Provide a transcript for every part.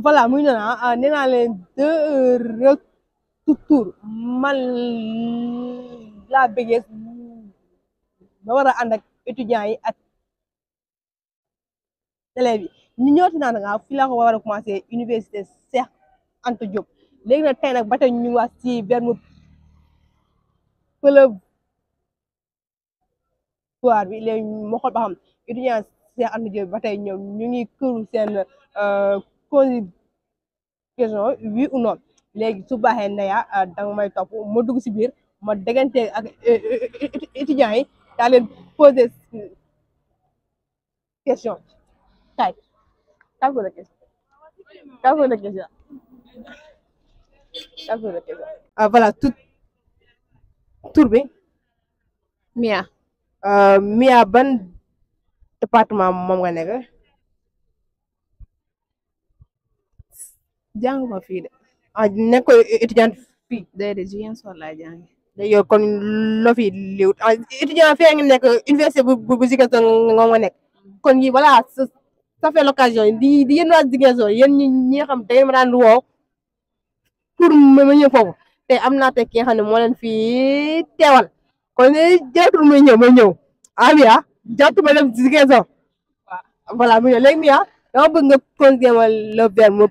voilà muy noona nee naa leen de retour man laa bëggee ba war a ànd ak étudiants yi ak élèves yi ñu ñëwati naa nanga fii commencé université Cheikh Anta Diop léegi na tey nag ba tey ñu bi léegi ma xool ba xam étudiant Cheikh Anta Diop ba tey ñoom ñu ngi këru euh, question oui ou non léegi su baaxee Ndeya ah, danga may topp ma dugg si biir ma dégante ak eh, eh, eh, étudiants yi daa leen question kay tàggoo la question tàggoo la question tàggoo la question ah, voilà tout tur bi Mia euh, Mia ban département moom nga nekk jànguma fii de. ah nekkoo étudiante fii. déedéet jigéen soor laa jàng. yow kon loo fi liwut ah étudiant fee nga nekk université bu bu bu Ziguinchor nga nga nekk. kon yi voilà ça fait l'occasion di di yéen waa Ziguinchor yéen ñi ñi nga xam da ma daan woo pour ma ñëw foofu te am naa te ki nga xam ne moo leen fi teewal kon jërëjëf muy ñëw muy ñëw Ami ah, ah jàpp ma dem Ziguinchor voilà mu ñëw léegi nii ah dama bëgg nga continuer ma le verre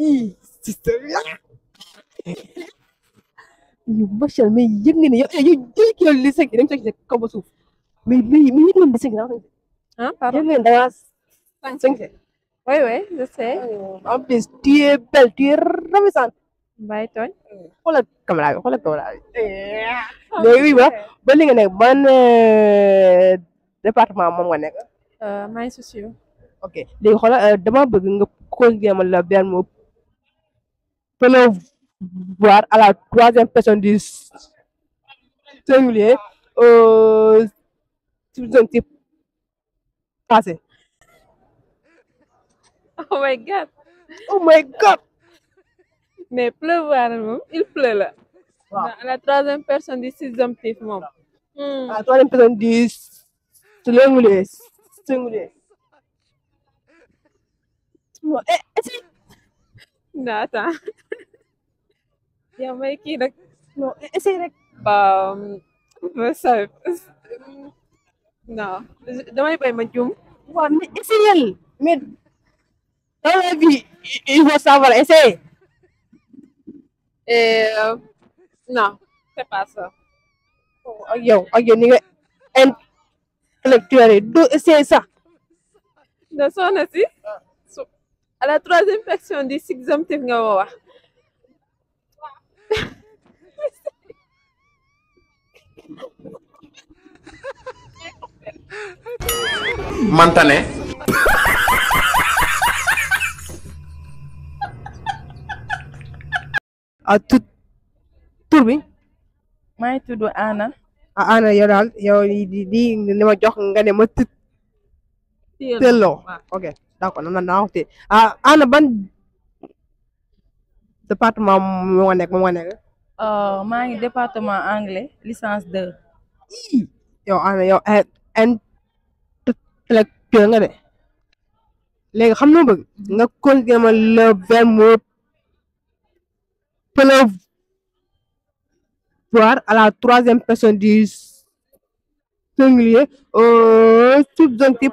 yow macha allah mais yëg nga ne yow yow jël kilo li sëgg dem sëgg kaw ba suuf mais mais mais yëg nga ne sëgg da ah pardon yëg nga ne da ngaa sëgg oui oui je sais en plus tu es belle tu es ravissante bàyyi tooñ xoolal caméra bi xoolal caméra bi mais oui ba ba li nga nekk ban département moom nga nekk maa ngi si ok léegi xoolal dama bëgg nga conjuguer ma la benn mot voir à la troisième personne du singulier au euh, subjonctif passé. Oh my god! Oh my god! Mais pleuvoir, hein, moom il pleut là. à la troisième personne du subjonctif moom. Hmm. à la troisième personne du singulier singulier. Eh, eh, Да, да. Jamaica dat, no, is eigenlijk um, besef. No, damay bay ma jum. Wa mi essayal. Mi dans la vie, il faut savoir essayer. Euh, non, c'est pas ça. Ak yow, ak yow ni nga intellectuel du essayer ça. Da soo na si. Uh. à la troisième personne du sixième, nga ma voir. mantane a tout tur bi tu Anna a Anna yow y'a yow di di y'a y'a d'accord am na naa wax te ah ana ban département moo nga nekk moo nga nekk. Euh, maa ngi département anglais licence 2. yow ana yow eh, intellectuel nga de léegi xam nga bëgg nga continuer ma le verbe mu pleuvoir à la troisième personne du singulier au subjonctif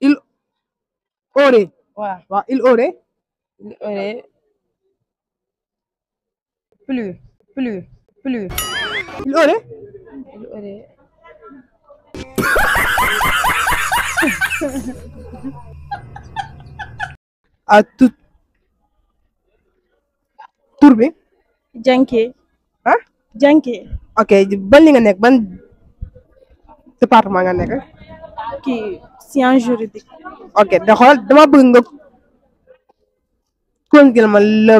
il aurait. il aurait. il aurait plus plus il aurait. il aurait. tur bi. Janké. ah Janké. ok ban li nekk ban département nga nekk. si un juridique. ok ma xool dama bëgg nga conjuguer ma le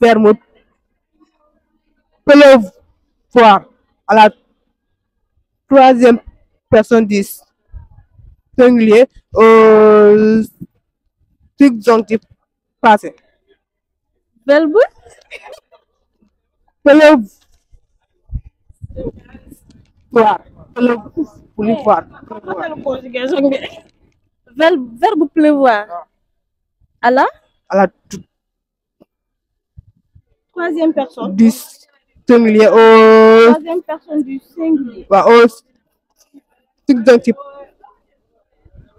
verbe de à la troisième personne du singulier au euh, subjonctif passé victoire pleuvoir verbe pleuvoir à ah. pleuvoir à la troisième personne du singulier au troisième personne du singulier waaw au subjonctif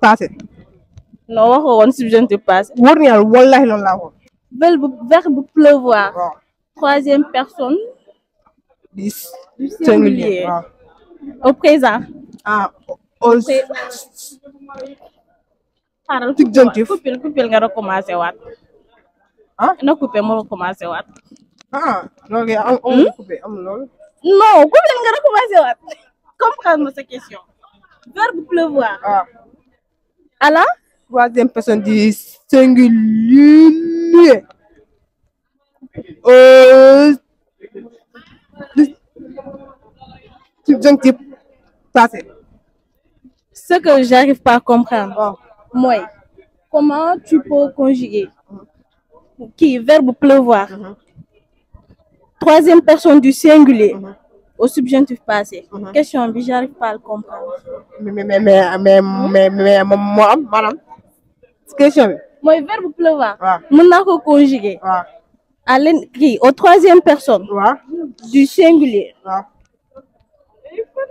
passé non waxoo on subjonctif passé wóor na yàlla wallaahi loolu laa woon verbe pleuvoir troisième personne du singulier au présent. ah au. xaaral coupé coupé nga recommencé waat. ah na coupé ma recommencé waat. ah loolu nga am amul hmm? coupé amul loolu. non coupé nga recommencé waat. sa question. verbe pleuvoir. ah. à la troisième personne du singulier. Ce que j'arrive pas à comprendre, moi, comment tu peux conjuguer qui verbe pleuvoir, mhm. troisième personne du singulier mhm. au subjonctif passé. Mm -hmm. Question, j'arrive pas à le comprendre. Mais mais mais mais mais mais moi, madame, question. Moi, verbe pleuvoir, mon ouais. conjugué. À qui, au troisième personne du singulier.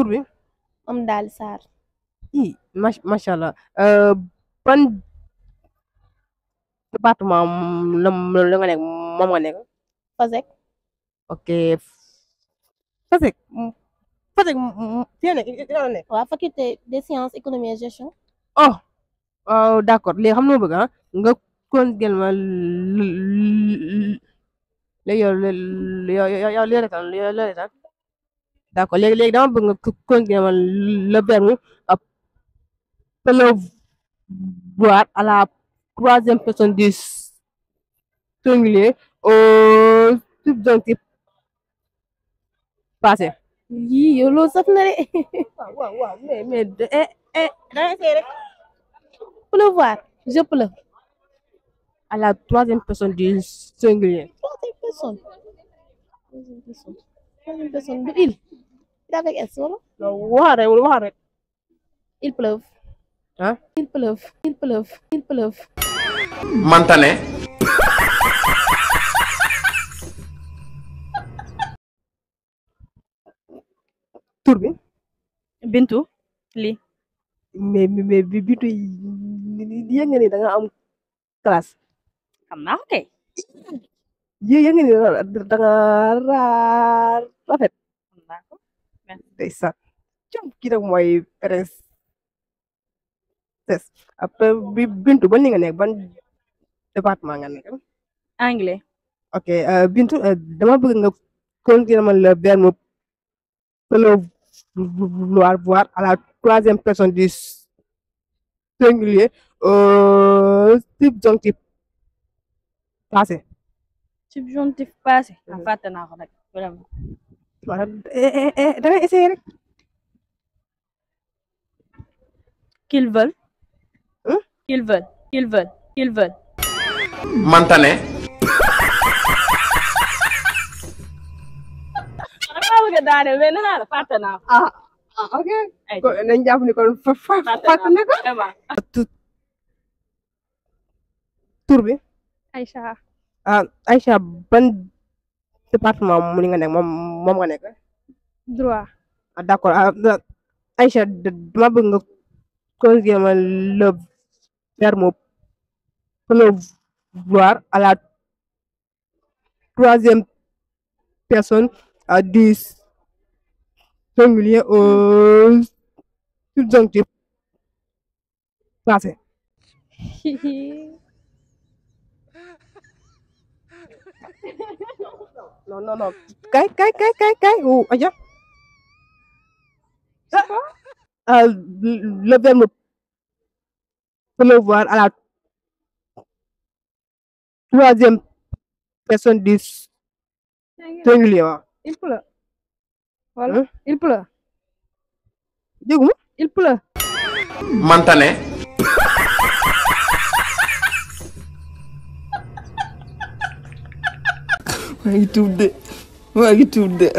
tur bi. am daal Sarr. i macha allah ban département la la nga nekk moom nga nekk. Fasek. ok Fasek. Fasek fii nekk ila la nekk. waaw faculté des sciences économie et gestion. oh d' accord léegi xam nga bëgg ah nga continué ma léegi yow yow yow yow yow yow yow D'accord. Les gens vont ont bëgg le continuer pour le voir à la troisième personne du singulier au subjonctif passé. oui, yow loolu saf Oui, mais, waaw eh, eh, mais le Pour le voir, je peux je à la troisième personne du singulier. troisième personne. troisième personne du il. Il est avec S, voilà. Non, Il Il pleuve. Il pleuve. Il pleuve. Mantané. Tur Bintu lii. mais mais Bintu yéen nga am classe. xam naa ko kay. yéen nga ndeysaan jom ki nag mooy princesse après bintu ba ni nga nekk ban nga nekk anglais ok ah, bintu dama bëgg nga continuer man le verbe vouloir voir à la troisième personne du oh, singulier au subjonctif passé subjonctif passé fàtte naa ko nag vraiment wala da ngay essayer rek. qu'ils mantane. damaa ah, bëgg ah ok. nañ jàpp kon fa fa fàtte na ko. tur département mu ni nga nekk moom moom nga nekk. droit. ah d' accord ah, Aïcha dama bëgg nga conjuguer ma le verbe promouvoir à la troisième personne du singulier au subjonctif passé. no no no cái cái cái cái cái u aja levez le pleuvoir à la troisième personne du singulier il pleut voilà hein? il pleut déguma il pleut mantane Why you do that? Why you do that?